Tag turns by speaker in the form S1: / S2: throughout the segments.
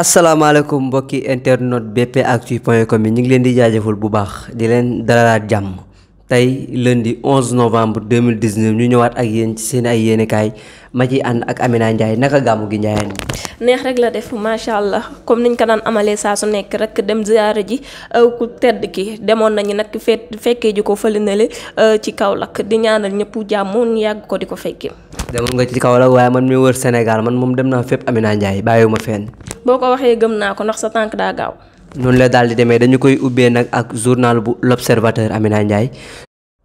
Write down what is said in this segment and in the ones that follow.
S1: asalaamaaleykum mbokki internet bpactu point com yi ñu ngi leen di jaajëfal bu baax di leen dalalaat jàmm tey lundi 11 novembre 2019 ñu ñëwaat ak yéen ci seen ay yéenekaay ma ci ànd ak Amina Ndiaye naka gàmmu gi Ndiaye.
S2: neex rek la def macha allah comme niñ ko daan amalee saa su nekk rek dem ziyaara ji euh, ku tedd ki demoon nañu nag fekk fekkee ji ko fële na le euh, ci Kaolack di ñaanal ñëpp jàmm ñu yàgg ko di ko fekkee.
S1: demoon nga ci kaw Kaolack waaye man mi wër Sénégal man moom dem naa fépp Amina Ndiaye bàyyiwuma fenn.
S2: boo ko waxee gëm naa ko ndax sa tànk daa gaaw.
S1: noonu la daal di demee dañu koy ubbee nag ak journal bu l'observateur Amina Ndiaye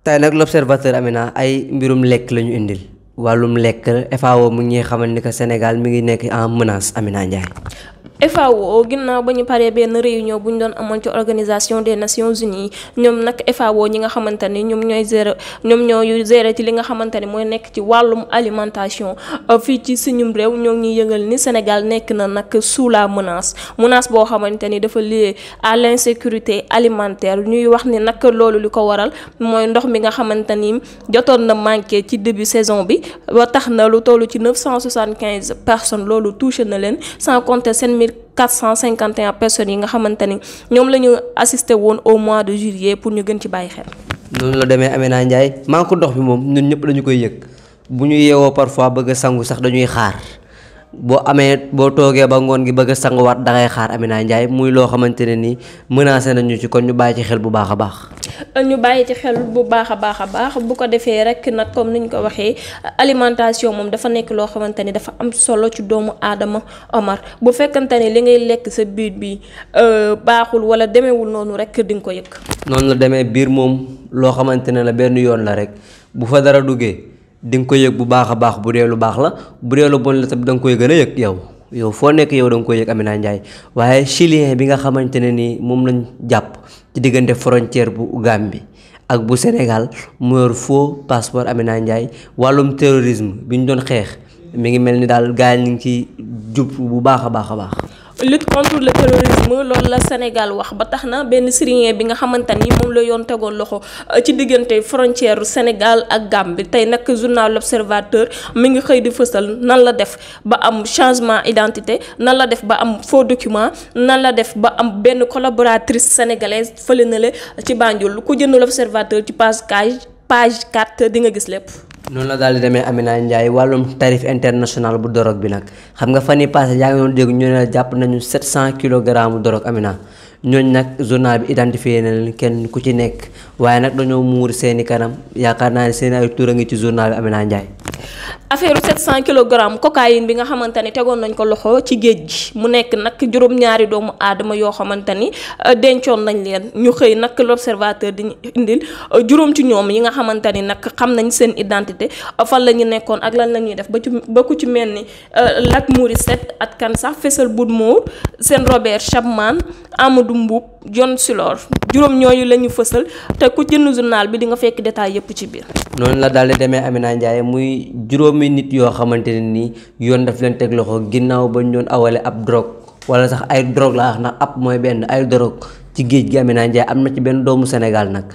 S1: tey nag l'observateur Amina ay mbirum lekk la ñu indil wàllum lekk FAO mu ngi xamal ni que Sénégal mi ngi nekk en menace Amina Ndiaye.
S2: FAO ginnaaw ba ñu paree benn réunion bu ñu doon amoon ci organisation des nations unies ñoom nag FAO ñi nga xamante ni ñoom ñooy gérer ñoom ñooy gérer ci li nga xamante ni mooy nekk ci wàllum alimentation euh, fii ci suñum réew ñoo ngi yëgal ni Sénégal nekk na nag sous la menace menace boo xamante ni dafa lié à l'insécurité alimentaire ñuy wax ni nag loolu li ko waral mooy ndox mi nga xamante ni jotoon na manqué ci début saison bi ba tax na lu toll ci 975 personnes loolu touché na leen 1451 personnes yi nga xamante ni ñoom la ñu woon au mois de juillet pour ñu gën ci bàyyi xel.
S1: noonu la demee amee Amina Ndiaye manque ndox bi moom ñun ñëpp lañu koy yëg bu ñu yeewoo parfois bëgg a sangu sax dañuy xaar. boo amee boo toogee ba ngoon gi bëgg sanguwaat da ngay xaar Amina Ndiaye muy loo xamante ne nii menacé nañu ci kon ñu bàyyi ci xel bu baax a baax.
S2: ñu bàyyi ci xel bu baax a baax a baax bu ko defee rek nag comme ni ñu ko waxee alimentation moom dafa nekk loo xamante ni dafa am solo ci doomu aadama Omar bu fekkante ne li ngay lekk sa biir bi euh, baaxul wala demeewul noonu rek di nga ko yëg.
S1: noonu la demee biir moom loo xamante ne la benn yoon la rek bu fa dara duggee. di ko yëg bu baax a baax bu dee lu baax la bu dee lu bon la tam da koy gën a yëg yow yow foo nekk yow da nga koy yëg Amina Ndiaye waaye chilien bi nga xamante ne ni moom lañ jàpp ci diggante frontière bu bi ak bu Sénégal mu foo faux passeport Amina Ndiaye wàllum terrorisme bi ñu doon xeex mu ngi mel ni daal gaañ ñu ngi ci jub bu baax a baax a baax.
S2: lutte contre le terrorisme la Sénégal wax ba tax na benn syrien bi nga xamante ni moom la yoon tegoon loxo euh, ci diggante frontière Sénégal ak Gambie tey nag journal l'Observateur mi ngi xëy di fësal nan la def ba am changement identité nan la def ba am faux document nan la def ba am benn collaboratrice sénégalaise fële na ci Banjul ku jënd l'Observateur ci page page 4 di nga gis lépp.
S1: noonu la daal di demee Amina Ndiaye wàllum tarif international bu dorog bi nag xam nga fan yii passé yaa ngi doon dégg ñu ne jàpp nañu 700 kilogrammes dorog Amina. ñooñ nag journal bi identifié na leen kenn ku ci nekk waaye nag dañoo muur seeni kanam yaakaar naa ne seen ay tur a ngi ci journal bi Amina Ndiaye.
S2: affaire 700 kilogrammes cocaïne bi nga xamante ni tegoon nañ ko loxo ci géej gi mu nekk nag juróom-ñaari doomu aadama yoo xamante ni euh, dencoon nañ leen ñu xëy nag l'observateur di indil euh, juróom ci ñoom yi nga xamante ni nag xam nañ seen identité euh, fan la ñu nekkoon ak lan la ñuy def ba ci ba ku ci mel ni Lac Maurice Sène ak kan sax Faisal Bonnemort seen Robert Chapman Amadou Amadou Mbuub John Silor juróom ñooñu la ñu fësal te ku jënd journal bi di nga fekk détail yëpp ci biir.
S1: noonu la daal di demee Amina Ndiaye muy juróomi nit yoo xamante ne nii yoon daf leen teg loxo ginnaaw ba ñu doon awale ab drogue wala sax ay drogue laa wax ndax ab mooy benn ay drogue ci géej gi Amina Ndiaye am na ci benn doomu senegal nag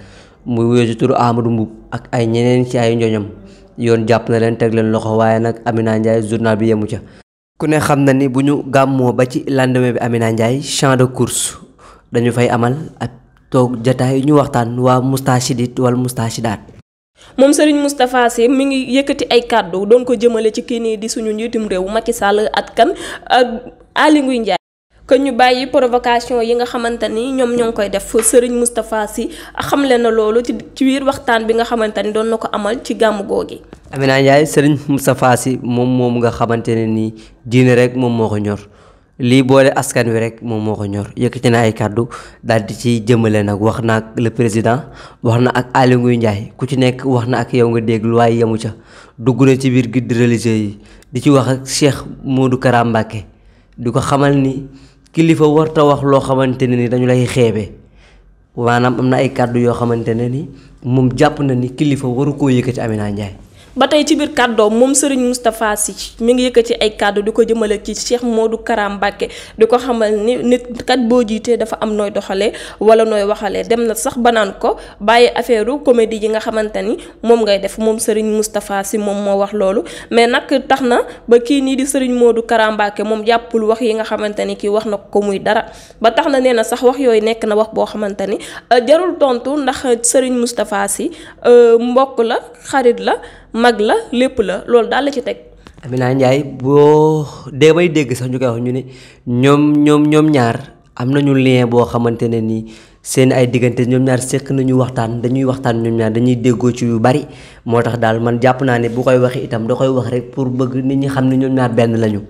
S1: muy wéy ci turu Amadou Mbuub ak ay ñeneen ci ay njooñam yoon jàpp na leen teg leen loxo waaye nag Amina Ndiaye journal bi yemu ca. ku ne xam na ni bu ñu gàmmoo ba ci lendemain bi Amina Ndiaye champ de course dañu fay amal ak toog jataay ñu waxtaan waa mustaashidit wala mustaashidaat
S2: moom Serigne Moustapha Sy mi ngi yëkkati ay kàddu doon ko jëmale ci kii nii di suñu njiitum réew Macky Sall ak kan ak Aly Ngouille Ndiaye que ñu bàyyi provocation yi nga xamante ni ñoom ñoo ngi koy def Serigne Moustapha Sy xamle na loolu ci ci biir waxtaan bi nga xamante ni doon na ko amal ci gàmmu googi
S1: Amina Ndiaye Serigne Moustapha Sy moom moom nga xamante ne nii diine rek moom moo ko ñor lii boole askan wi rek moom moo ko ñor yëkkati na ay kàddu daal di ci jëmmale nag wax na ak le président wax na ak Aly Ngouille Ndiaye ku ci nekk wax na ak yow nga déglu waaye yamu ca dugg na ci biir guide religieux yi di ci wax ak Cheikh Modou Kara Mbacké di ko xamal ni kilifa warta wax loo xamante ne ni dañu lay xeebe waanaam am na ay kàddu yoo xamante ne ni moom jàpp na ni kilifa waru koo yëkkati Amina Ndiaye
S2: ba tey ci biir kàddoo moom Serigne Moustapha Sy mi ngi yëkkati ci ay kàddu di ko jëmale ci Cheikh Modou du Mbacké di ko xamal ni nit kat boo jiitee dafa am nooy doxalee wala nooy waxalee dem na sax banaan ko bàyyi affaire comédie ji nga xamante ni moom ngay def moom Serigne Moustapha si moom moo wax loolu mais nag tax na ba kii nii di Serigne Modou Kara Mbacké moom jàppul wax yi nga xamante ni kii wax na ko muy dara ba tax na nee na sax wax yooyu nekk na wax boo xamante ni euh, jarul tontu ndax Serigne Moustapha Sy euh, mbokk la xarit la mag la lépp la loolu daal la ci teg.
S1: Amina Ndiaye boo dee bay dégg sax ñu koy wax ñu ne ñoom ñoom ñoom ñaar am nañu lien boo xamante ne nii seen ay diggante ñoom ñaar seq nañu waxtaan dañuy waxtaan ñoom dañuy déggoo ci yu bari moo tax daal man jàpp naa ne bu koy waxee itam da koy wax rek pour bëgg nit ñi xam ne ñoom ñaar benn lañu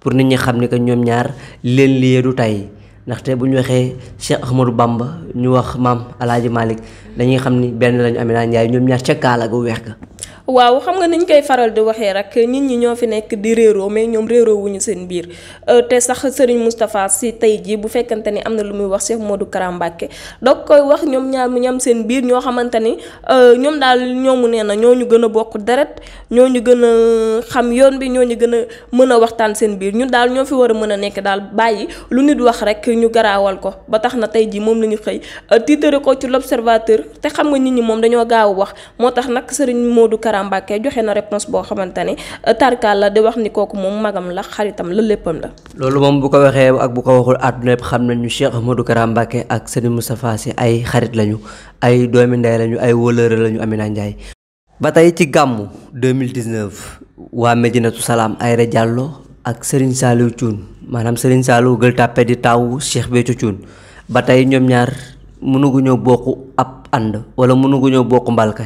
S1: pour nit ñi xam ne que ñoom ñaar leen lie du tey. ndaxte bu ñu waxee Cheikh Ahmadou Bamba ñu wax maam El Hadj dañuy xam ni benn lañu Amina Ndiaye ñoom ñaar ca kaala gu weex ga
S2: waaw xam nga niñ koy faral di waxee rek nit ñi ñoo fi nekk di réeroo mais ñoom réeroo wuñu seen biir euh, te sax Serigne Moustapha si tey jii bu fekkante ni am na lu muy wax si Modou Kara Mbacké doog koy wax ñoom ñaar mu ñam seen biir ñoo xamante ni euh, ñoom daal ñoomu nee na ñoo ñu gën a bokk deret ñoo ñu gën a xam yoon bi ñoo ñu gën a mën a waxtaan seen biir ñun daal ñoo fi war a mën a nekk daal bàyyi lu nit wax rek ñu garaawal ko ba tax na tey jii moom la ñu xëy euh, tiitare ko ci l'observateur te xam nga nit ñi moom dañoo gaaw wax moo tax nag Serigne Modou Kara Diarra joxe na réponse boo xamante ne euh, tarkaal la di wax ni kooku moom magam la xaritam la léppam la.
S1: loolu moom bu ko waxee ak bu ko waxul àdduna yëpp xam nañu Cheikh Ahmadou Kara Mbacké ak Serigne Moustapha Sy ay xarit lañu ay doomi ndey lañu ay wëlëre lañu Amina Ndiaye. ba tey ci gàmmu 2019 waa Medinatu Salaam Aïda Diallo ak Serigne Saliou Thioune maanaam Serigne Saliou Gueule Tapée di taawu Cheikh Béthio Thioune ba tey ñoom ñaar ñëw bokk ab ànd wala mënuguñoo bokk mbalka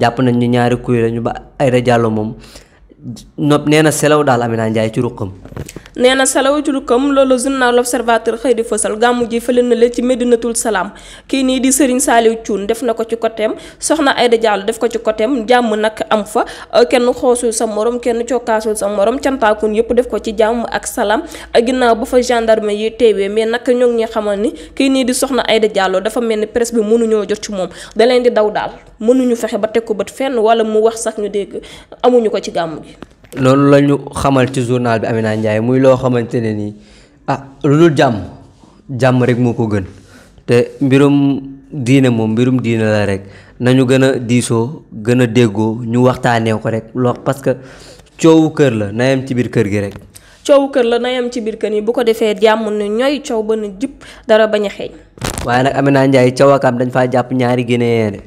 S1: jàpp nañ ñu ñaari kuy lañu ba Aïda Diallo moom nopp nee na selaw daal Amina Ndiaye ci ruqam
S2: nee na selaw ci ruqam loolu journal l'Observateur xëy di fësal gàmmu ji fële na la ci Medinatul Salaam kii nii di Serigne Saliou Thioune def na ko ci côté am soxna Aïda Diallo def ko ci côté am jàmm nag am fa kenn xoosul sa moroom kenn cokkaasul sa morom cantaakun yëpp def ko ci jàmm ak salaam ginnaaw ba fa gendarme yi teewee mais nag ñoo ngi xamal ni kii nii di soxna Aïda Diallo dafa mel ni presse bi mënuñoo jot ci moom da leen di daw daal mënuñu fexe ba teg ko bët fenn wala mu wax sax ñu dégg amuñu ko ci gàmm gi.
S1: loolu lañu xamal ci journal bi naa Ndiaye muy loo xamante ne nii ah lu dul jàmm jàmm rek moo ko gën te mbirum diine moom mbirum diine la rek nañu gën a diisoo gën a déggoo ñu waxtaanee ko rek loo parce que coowu kër la na yem ci biir kër gi rek.
S2: coow kër la na yam ci biir kër yi bu ko defee jàmm ne ñooy coow ba na jub dara bañ a xeeñ.
S1: waaye nag Amina Ndiaye cawakaam dañ faa jàpp ñaari guinéen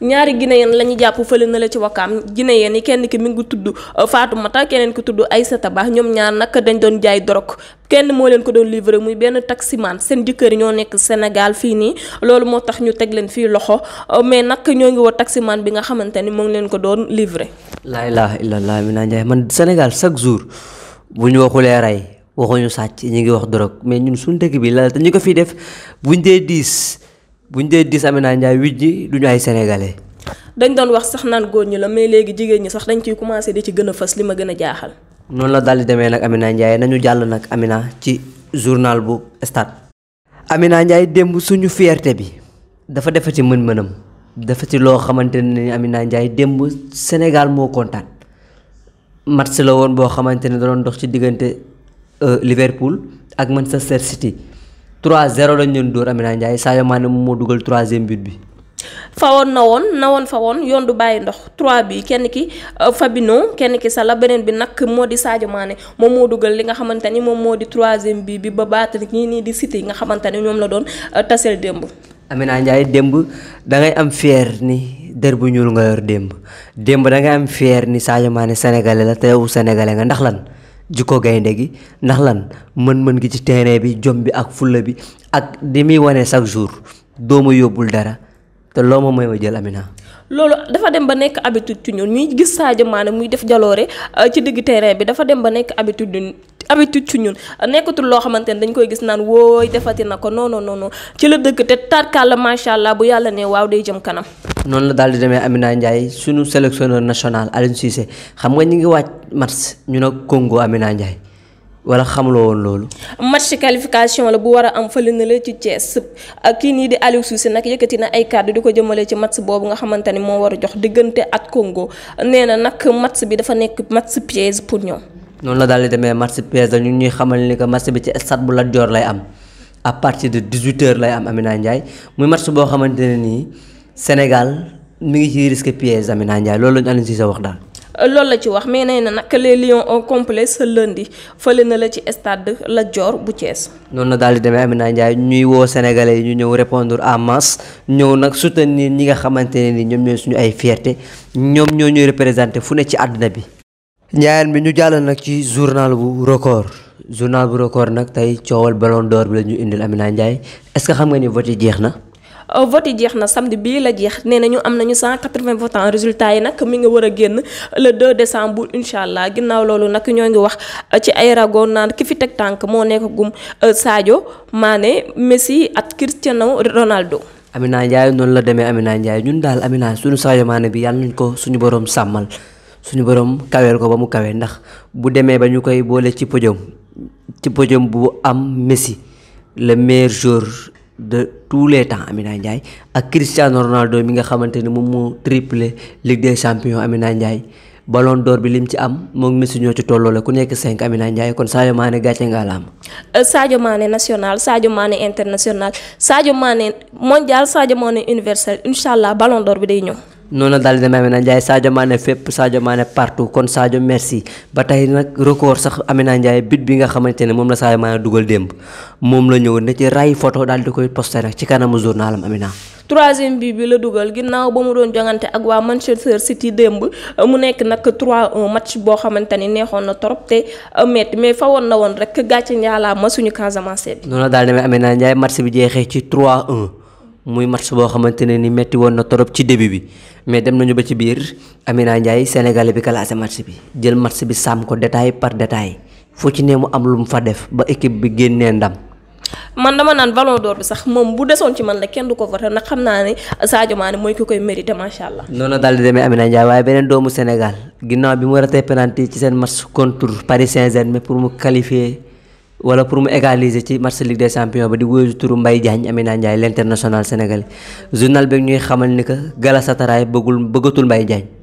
S2: ñaari guinéen la ñu jàpp fële na la ci wakkaam guinéen yi kenn ki mi ngi tudd euh, Fatoumata keneen ki tudd ay Aïssata Ba ñoom ñaar nag dañ doon jaay dorog kenn moo leen ko doon livré muy benn taximan seen jëkkër ñoo nekk Sénégal fii nii loolu moo tax ñu teg leen fii loxo euh, mais nag ñoo ngi woo taximan bi nga xamante ni moo ngi leen ko doon livré. laa ilaaha
S1: illallaah mi naa njaay man Sénégal chaque jour bu ñu lee rey waxuñu sàcc ñu ngi wax dorog mais ñun su dëkk bi la te ñu ko fiy def buñ dee diis. bu ñu dee dis Amina Ndiaye wij ji du ñu ay sénégalais.
S2: dañ doon wax sax naan góor ñi la mais léegi jigéen ñi sax dañ ciy commencé di ci gën a fës li ma gën a jaaxal.
S1: noonu la daal di demee nag Amina Ndiaye nañu jàll nag Amina ci journal bu stade. Amina Ndiaye démb suñu fierté bi dafa defa ci mën-mënam dafa ci loo xamante ne Amina Ndiaye démb Sénégal moo kontaan match la woon boo xamante ne da doon dox ci diggante euh, Liverpool ak mën sa City. 3-0 lañ leen dóor Amina Ndiaye Sadio Mané moom moo dugal troisième but bi.
S2: fawoon na woon na woon fa woon yoon du bàyyi ndox 3 bi kenn ki euh, Fabinho kenn ki Salah beneen bi nag moo di Sadio Mané moom moo dugal li nga xamante ni moom moo di troisième bii bi ba baat ñii nii di cité nga xamante ne ñoom la doon euh, taseel démb.
S1: Amina Ndiaye démb da ngay am fier ni dër bu ñuul nga yor démb démb da ngay am fier ni Sadio Mané sénégalais la te yow sénégalais nga ndax lan. jikko gaynde gi ndax lan mën-mën gi ci terrain bi jom bi ak fulla bi ak di muy wane chaque jour doo ma yóbbul dara te loo ma may ma jël Amina.
S2: loolu dafa dem ba nekk habitude ci ñun ñuy gis Sadio Mané muy def jaloore euh, ci digg terrain bi dafa dem ba nekk habitude habitude ci ñun nekkatul loo xamante ne dañ koy gis naan wooy defati na ko non noonu non ci la dëkk te tarkalla macha allah bu yàlla nee waaw day jëm kanam.
S1: noonu la daal di demee Amina Ndiaye suñu sélectionneur national Aliou Cissé xam nga ñu ngi waaj match ñu ne Congo Amina Ndiaye. wala xamuloo woon loolu.
S2: match qualification la bu war a am fële na la ci Thiès kii nii di Aliou Cissé nag yëkkati na ay kàddu di ko jëmalee ci match boobu nga xamante ni moo war a jox diggante at Congo nee na nag match bi dafa nekk match piège pour ñoom.
S1: noonu la daal di demee match PSG ñu ñuy xamal ni que match bi ci stade bu Lat Dior lay am à partir de 18 lay am Amina Ndiaye muy match boo xamante ne nii Sénégal mi ngi ci risque piège Amina Ndiaye loolu la ñu Aliou Cissé wax daal.
S2: loolu la ci wax mais nee na nag les lions au complet ce lundi fële na la ci stade Lat Dior bu Thiès.
S1: noonu la daal di demee Amina Ndiaye ñuy woo sénégalais yi ñu ñëw répondre en masse ñëw nag su soutenir ñi nga xamante ne ni ñoom ñooy suñu ay fierté ñoom ñoo ñuy représenté fu ne ci àdduna bi. ñaareel bi ñu jàll nag ci journal bu record journal bu record nag tey coowal ballon door bi la ñu indil Amina Ndiaye est-ce que xam nga ni vote yi jeex na.
S2: Euh, vote yi jeex na samedi bii la jeex nee nañu am nañu 180 votants résultat yi nag mi ngi war a génn le 2 décembre incha allah ginnaaw loolu nag ñoo ngi wax euh, ci ay rago naan ki fi teg tànk moo nekk gum euh, Sadio Mané Messi ak Cristiano Ronaldo.
S1: Amina Ndiaye noonu la demee Amina Ndiaye ñun daal Amina suñu Sadio maane bi yàlla nañu ko suñu boroom sàmmal. suñu borom kaweel ko ba mu kawee ndax bu demee ba ñu koy boole ci podium ci podium bu am Messi le maire joueur de tous les temps Amina Ndiaye ak Cristiano Ronaldo mi nga xamante ni moom moo triplé Ligue des champions Amina Ndiaye ballon d'or bi lim ci am moom Messi ñoo ci la ku nekk 5 Amina Ndiaye kon Sadio maane gàcce nga la am.
S2: Euh, Sadio Mané national Sadio Mané international Sadio Mané mondial Sadio Mané universel incha allah ballon d'or bi day ñëw.
S1: noonu la daal di demee Amina Ndiaye Sadio fépp Sadio Mané partout kon Sadio merci ba tey nag record sax amee Amina Ndiaye bit bi nga xamante ne moom la Sadio Mané dugal démb moom la ñëw ne ci ray photo daal di koy posté nag ci kanamu journalam Amina.
S2: troisième bi bi la dugal ginnaaw ba mu doon jongante ak waa Manchester City démb mu nekk nag 3-1 match boo xamante ni neexoon na trop te métti mais fa woon na woon rek gàcce ma suñu Casamance bi.
S1: noonu la daal di demee Amina match bi jeexee ci 3-1. muy match boo xamante ne ni metti woon na torop ci début bi mais dem nañu ba ci biir Amina Ndiaye sénégalais bi classé match bi jël match bi sàmm ko détail par détail fu ci ne mu am lu mu fa def ba équipe bi génnee ndam.
S2: man dama naan ballon d'or bi sax moom bu desoon ci man la kenn du ko voté ndax xam naa ne Sadio Mané mooy ki koy mérité macha allah.
S1: noonu daal di demee Amina Ndiaye waaye beneen doomu Sénégal ginnaaw bi mu ratee penalty ci seen match contre Paris Saint-Germain pour mu qualifier. wala pour mu égaliser ci match Ligue des Champions ba di woyu turu Mbaye Diagne Amina Ndiaye l' international sénégalais journal bi ñuy xamal ni que sataraay bëggul bëggatul mbay Diagne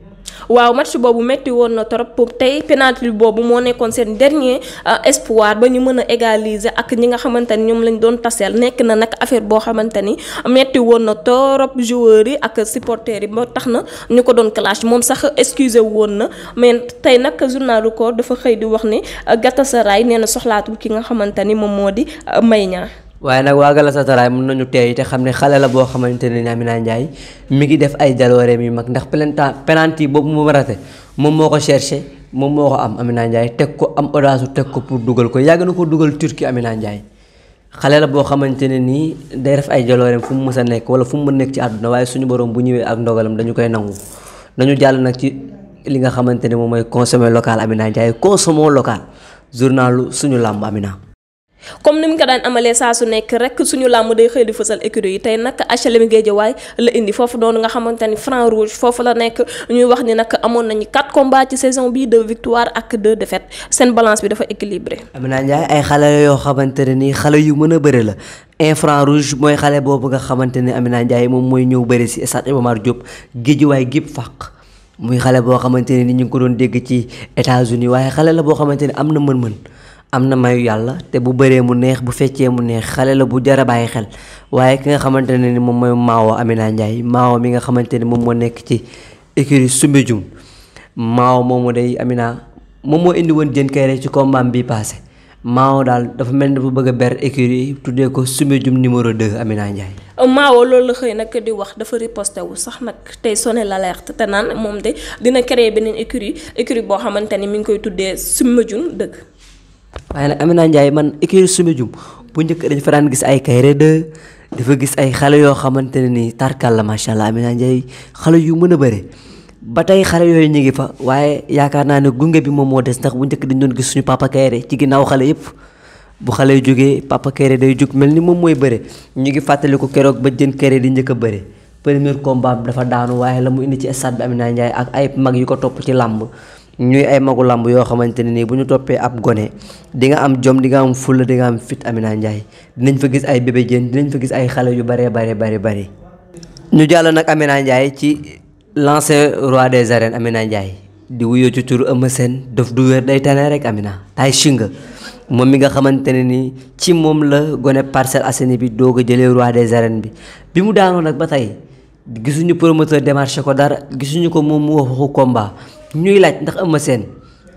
S2: waaw match boobu metti woon na trop tey penalty boobu moo nekkoon seen dernier euh, espoir ba ñu mën a égaliser ak ñi nga xamante ni ñoom lañ doon taseel nekk na nag affaire boo xamante ni metti woon na trop joueurs yi ak supporters yi ba tax na ñu ko doon clash moom sax excusé woon na mais tey nag journal record dafa xëy di wax ni ne euh, Galatasaray nee na soxlaatu ki nga xamante ni moom moo di euh, Mbaye Niang
S1: waaye nag waa Galatasaray mën nañu teey te xam ne xale la boo xamante ne Amina Ndiaye mi ngi def ay jalooreem yu mag ndax pelenta penalty boobu mu rate moom moo ko cherché moom moo ko am Amina Ndiaye teg ko am audace teg ko pour dugal ko yàgg na ko dugal Turquie Amina Ndiaye xale la boo xamante ne nii day def ay jalooreem fu mu mës a nekk wala fu mu mën nekk ci àdduna waaye suñu borom bu ñëwee ak ndogalam dañu koy nangu nañu jàll nag ci li nga xamante ne moom mooy consommer local Amina Ndiaye consommons local journalu suñu làmb Amina.
S2: comme ni mu ko daan amalee saa su nekk rek suñu làmb day xëy di fësal écurie yi tey nag HLM Guédiawaye la indi foofu doon nga xamante ni franc rouge foofu la nekk ñuy wax ni nag amoon nañu quatre combats ci saison bi deux victoires ak deux défaites seen balance bi dafa équilibré.
S1: naa Ndiaye ay xale yoo xamante ne nii xale yu mën a bëre la infrant rouge mooy xale boobu nga xamante ne Amina Ndiaye moom mooy ñëw bëre si stade Iba Mar Diop Guédiawaye gépp fàq muy xale boo xamante ne ni ñu ngi ko doon dégg ci États-Unis waaye xale la boo xamante ne am na mën-mën. am na mayu yàlla te bu bëree mu neex bu feccee mu neex xale la bu jar a bàyyi xel waaye ki nga xamante ne ni moom mooy Maawo Amina Ndiaye Maawo mi nga xamante ni moom moo nekk ci écurie Soumbédioune Maawo moomu day Amina moom moo indi woon Diène Kaïré ci combat bi passé Maawo daal dafa mel ni dafa bëgg a ber écurie tuddee ko Soumbédioune numéro 2 Amina Ndiaye.
S2: Maawo loolu la xëy nag di wax dafa riposté wu sax nag tey sonné l'alerte te naan moom de dina créer beneen écurie écurie boo xamante ni mi ngi koy tuddee Soumbédioune dëgg. waaye
S1: nag naa Ndiaye man écurie Soumbédioune bu njëkk dañ fa daan gis ay Kaïré 2 dafa gis ay xale yoo xamante ne nii tarkal la macha allah Amina Ndiaye xale yu mën a bëre ba tey xale yooyu ñu ngi fa waaye yaakaar naa ne gunge bi moom moo des ndax bu njëkk dañ doon gis suñu papa Kaïré ci ginnaaw xale yëpp bu xale yu jógee papa Kaïré day jóg mel ni moom mooy bëre ñu ngi fàttaliku keroog ba jën Kaïré di njëkk a bëre premier combat dafa daanu waaye la mu indi ci stade bi Amina Ndiaye ak ay mag yu ko topp ci làmb ñuy ay magu làmb yoo xamante ne nii bu ñu toppee ab gone di nga am jom di nga am fulla di nga am fit Amina Ndiaye dinañ fa gis ay bébé jën dinañ fa gis ay xale yu bare bare bare bare ñu jàll nag Amina Ndiaye ci lancé roi des arènes Amina Ndiaye di wuyoo ci turu Eumeu Sène daf du wér day tane rek Amina ay shinga moom mi nga xamante ne nii ci moom la gone Parcelles Assainies bi doog a jëlee roi des arènes bi bi mu daanoo nag ba tey gisuñu promoteur démarché ko dara gisuñu ko moom mu waxu ñuy laaj ndax Eumeu Sène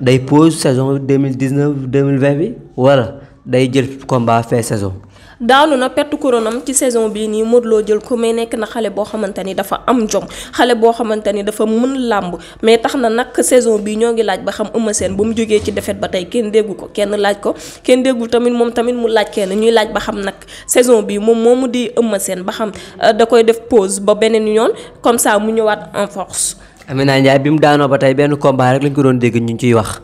S1: day pause saison deux mille dix neuf deux mille vingt bi wala day jël combat fin saison.
S2: daanu na pett coronam ci saison bii nii Modou jël ko may nekk na xale boo xamante ni dafa am jom xale boo xamante ni dafa mën làmb mais tax na nag saison bii ñoo ngi laaj ba xam Eumeu Sène ba mu jógee ci defet ba tey kenn déggu ko kenn laaj ko kenn déggul tamit moom tamit mu laaj kenn ñuy laaj ba xam nag saison bii moom mu di Eumeu seen ba xam euh, da koy def pose ba beneen yoon comme saa mu ñëwaat en force.
S1: Amina Ndiaye bi mu daanoo ba tey benn combat rek lañ ko doon dégg ñu ciy wax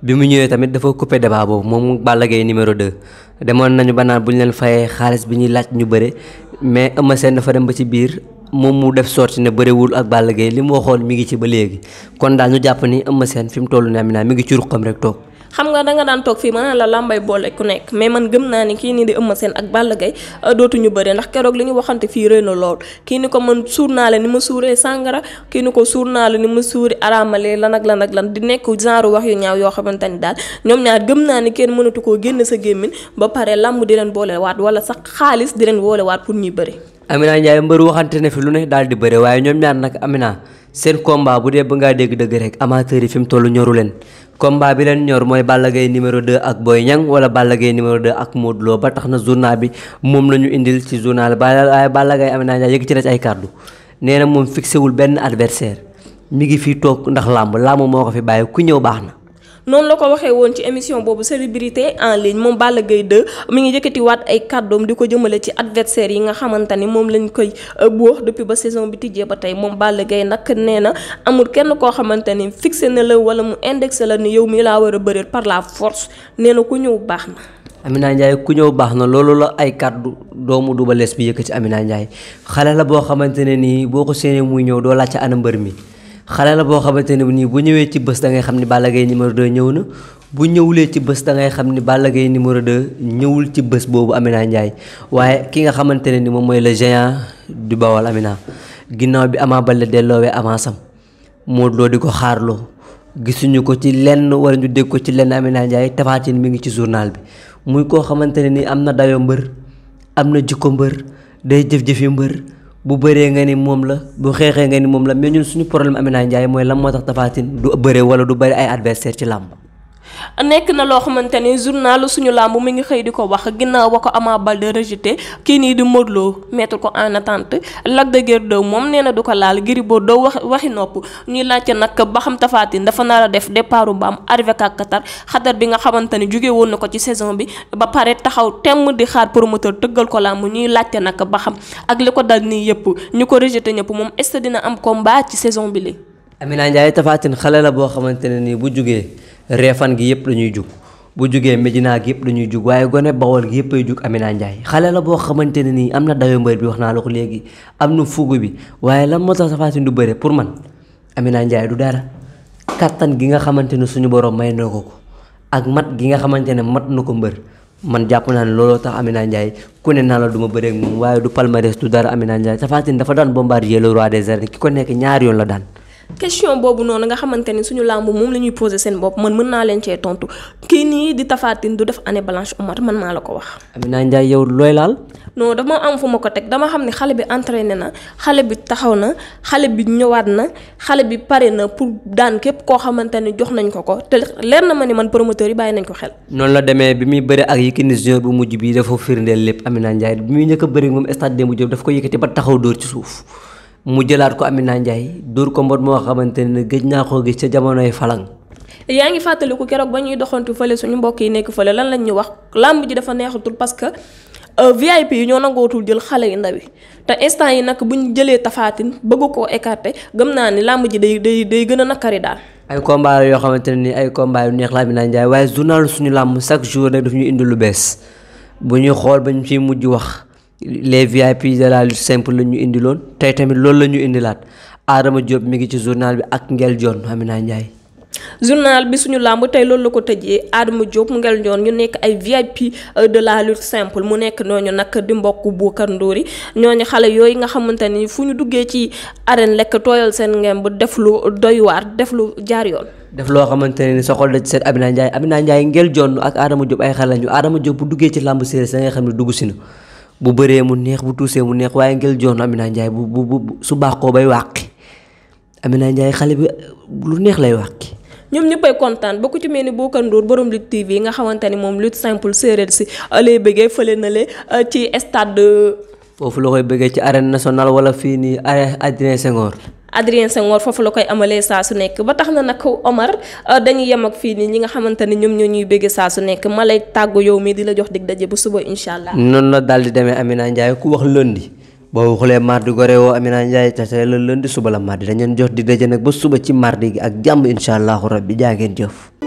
S1: bi mu ñëwee tamit dafa coupé débat boobu moom Balla Gaye numéro de demoon nañu ba naan bu ñu leen fayee xaalis bi ñuy laaj ñu bëre mais Eumeu Sène dafa dem ba ci biir moom mu def sorti ne bëriwul ak Balla Gaye li mu waxoon mi ngi ci ba léegi kon daal ñu jàpp ni Eumeu Sène fi mu toll nii Amina mi ngi ci ruqam rek toog.
S2: xam nga danga daan toog fii mën la làmbay boole ku nekk mais man gëm naa ni kii nii di Eumeu seen ak Balla Gaye euh, dootuñu bëre ndax keroog li ñu waxante fii rëy na lool kii ni ko man suur naa la ni ma suuree sàngara kii ni ko suur naa la ni ma suuri araamale lan ak lan ak lan di nekk genre wax yu ñaaw yoo xamante ni daal ñoom ñaar gëm naa ni kenn mënatu koo génn sa gémmiñ ba pare làmb di leen boolewaat wala sax xaalis di leen boolewaat pour ñuy bëri
S1: Amina Ndiaye mbër waxante na fi lu ne daal di bëre waaye ñoom ñaar nag Amina seen combat bu dee ba ngaa dégg dëgg rek amateur yi fi mu toll ñoru leen combat bi leen ñor mooy Balla Gaye numéro 2 ak Boy Niang wala Balla Gaye numéro 2 ak Modou Lo ba tax na journal bi moom la ñu indil ci journal ba Balla Gaye am naa yëg ci na ci ay kàddu nee na moom fixé wul benn adversaire mu ngi fii toog ndax làmb làmb moo ko fi bàyyi ku ñëw baax na
S2: noonu la ko waxee woon ci émission boobu célébrité en ligne moom Balla Gaye 2 mi ngi yëkkatiwaat ay kàddoom di ko jëmale ci adversaire yi nga xamante ni moom lañ koy euh, boox depuis ba saison bi tijjee ba tey moom Balla Gaye nag nee na amul kenn koo xamante ni fixé na la wala mu indexé la ni yow mi laa war a bëri par la force nee na ku ñëw baax na.
S1: Amina Ndiaye ku ñëw baax na loolu la ay kàddu doomu Double Less bi yëkk ci Amina Ndiaye xale la boo xamante ne nii boo ko séenee muy ñëw doo laaj ca ana mbër mi. xale la boo xamante ne nii bu ñëwee ci bés da ngay xam ni Balla Gaye numéro 2 ñëw na bu ñëwulee ci bés da ngay xam ni Balla Gaye numéro 2 ñëwul ci bés boobu Amina Ndiaye waaye ki nga xamante ne ni moom mooy le géant du Bawol Amina ginnaaw bi amaa Baldé delloowee avancé am Modou Lo di ko xaarloo gisuñu ko ci lenn walla ñu dégg ko ci lenn Amina Ndiaye Tapha Tine mi ngi ci journal bi muy koo xamante ne ni am na dayo mbër am na jikko mbër day jëf-jëfi mbër bu bëree nga ni moom la bu xeexee nga ni moom la mais ñun suñu problème na Ndiaye mooy lan moo tax Tapha Tine du bëree wala du bëri ay adversaire ci làmb
S2: nekk na loo xamante ni journal suñu làmb mi ngi xëy di ko wax ginnaaw ba ko Ama Baldé rejeté kii nii di Modou Lo mettre ko en attente Lac de Guiers moom nee na du ko laal Gris doo wax waxi nopp ñuy laajte nag ba xam tafaatin dafa nar a def départu ba am arrivé ak Qatar xatar bi nga xamante ni jóge woon na ko ci saison bi ba pare taxaw temm di xaar promoteur tëggal ko làmb ñuy laajte nag ba xam ak li ko dal nii yëpp ñu ko rejeté ñëpp moom est dina am combat ci saison bi li
S1: Amina Ndiaye Tapha Tine xale la boo xamante ne nii bu jugee reefan gi yëpp lañuy jug bu jugee Medina gi yëpp dañuy jug waaye gone bawol gi yëpp ay jug Amina Ndiaye xale la boo xamante ne nii am na dayo mbër bi wax naa la ko léegi am na fugu bi waaye lan moo tax Tapha Tine du bëre pour man Amina Ndiaye du dara kattan gi nga xamante ni suñu borom may na ko ko ak mat gi nga xamante ne mat na ko mbër man jàpp naa ne looloo tax Amina Ndiaye ku ne naa la du ma bëreeg moom waaye du palmarès du dara Amina Ndiaye Tapha ko nekk ñaari la daan
S2: question boobu noonu nga xamante ni suñu làmb moom la ñuy posé seen bopp man mën naa leen cee tontu kii nii di tafaatin du def année blanche Omar man maa la ko wax.
S1: Amina Ndiaye yow looy laal.
S2: non dama am fu ma ko teg dama xam ne xale bi entraîné na xale bi taxaw na xale bi ñëwaat na xale bi pare na pour daan képp koo xamante ne jox nañ ko ko te na ma ni man promoteur yi bàyyi nañ ko xel.
S1: noonu la demee bi muy bëri ak Yékini junior bu mujj bi dafa firndeel lépp Amina Ndiaye bi muy njëkk a bëri moom stade daf ko yëkkati ba taxaw dóor ci suuf. mu jëlaat ko Amina Ndiaye dóor ko mbot moo xamante ne géej naa ko gis ca jamonoy falang.
S2: yaa ngi fàttaliku keroog ba ñuy doxantu fële suñu mbokk yi nekk fële lan lañ ñu wax làmb ji dafa neexatul parce que euh, VIP yi ñoo nangootul jël xale yi ndaw te instant yi nag bu ñu jëlee tafaatin bëgg ko écarter gëm naa ni làmb ji day day day gën a nakari daal.
S1: ay combat yoo xamante ne ni ay combat yu neex la Amina Ndiaye waaye journal suñu làmb chaque jour nag daf ñu indi lu bees bu ñuy xool ba ñu ciy mujj wax. les VIP de la lutte simple la ñu indiloon tey tamit lool la ñu indilaat Adama Diop mi ngi ci journal bi ak Ngel Dione Amina Ndiaye.
S2: journal bi suñu làmb tey loolu la ko tëjee Adama Diop Ngel Dione ñu nekk ay VIP euh, la lutte mu nekk ñooñu nag di mbokk Boucar Ndour yi ñooñu xale yooyu nga xamante ni fu ñu duggee ci arène lekk tooyal seen ngem bu def lu doy def lu jaar yoon.
S1: def loo xamante ne ni soxal da ci seet Amina Ndiaye Amina Ndiaye Ngel Dione ak Adama Diop ay xale lañu Adama Diop bu duggee ci làmb séeréer sa nga xam ne dugg si na. bu bëree mu neex bu tuusee mu neex waaye ngel joon Amina Ndiaye bu bu bu su baaxoo bay wàqi Amina Ndiaye xale bi lu neex lay wàqi
S2: ñoom ñëppay kontaan ba ku ci mel ni Boucar Ndour borom Lutte TV nga xamante ni moom lutte simple séeréer si lay bëggee fële na le euh, ci stade.
S1: foofu loo koy bëggee ci arène nationale wala fii nii arène Adrien Senghor.
S2: Adrien Senghor foofu la koy amalee saa su nekk ba tax na nag Omar euh, dañu yem ak fii nii ñi nga xamante ne ñoom ñoo ñuy bëgg saa su nekk ma lay tàggu yow mii di la jox dig daje ba suba incha allah.
S1: noonu la daal di demee Amina Ndiaye ku wax lundi boo waxulee mardi gore woo Amina Ndiaye te tey la lundi suba la mardi dañu leen jox dig daje nag ba suba ci mardi gi ak jàmm incha allahu rabbi jaa ngeen jëf.